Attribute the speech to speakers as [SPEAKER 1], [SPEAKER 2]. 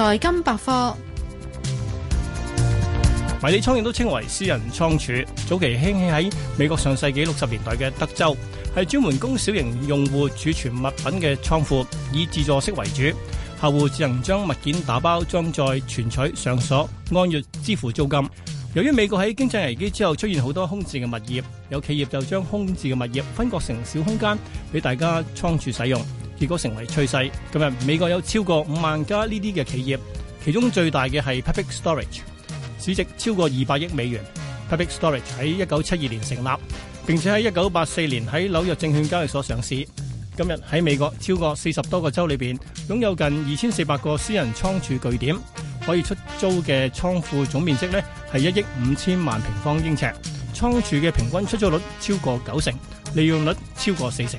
[SPEAKER 1] 財金百貨，
[SPEAKER 2] 迷你倉亦都稱為私人倉儲，早期興起喺美國上世紀六十年代嘅德州，係專門供小型用戶儲存物品嘅倉庫，以自助式為主。客戶只能將物件打包裝載、存取、上鎖，按月支付租金。由於美國喺經濟危機之後出現好多空置嘅物業，有企業就將空置嘅物業分割成小空間俾大家倉儲使用。結果成為趨勢。今日美國有超過五萬家呢啲嘅企業，其中最大嘅係 Public Storage，市值超過二百億美元。Public Storage 喺一九七二年成立，並且喺一九八四年喺紐約證券交易所上市。今日喺美國超過四十多個州裏邊，擁有近二千四百個私人倉儲據點，可以出租嘅倉庫總面積呢係一億五千萬平方英尺，倉儲嘅平均出租率超過九成，利用率超過四成。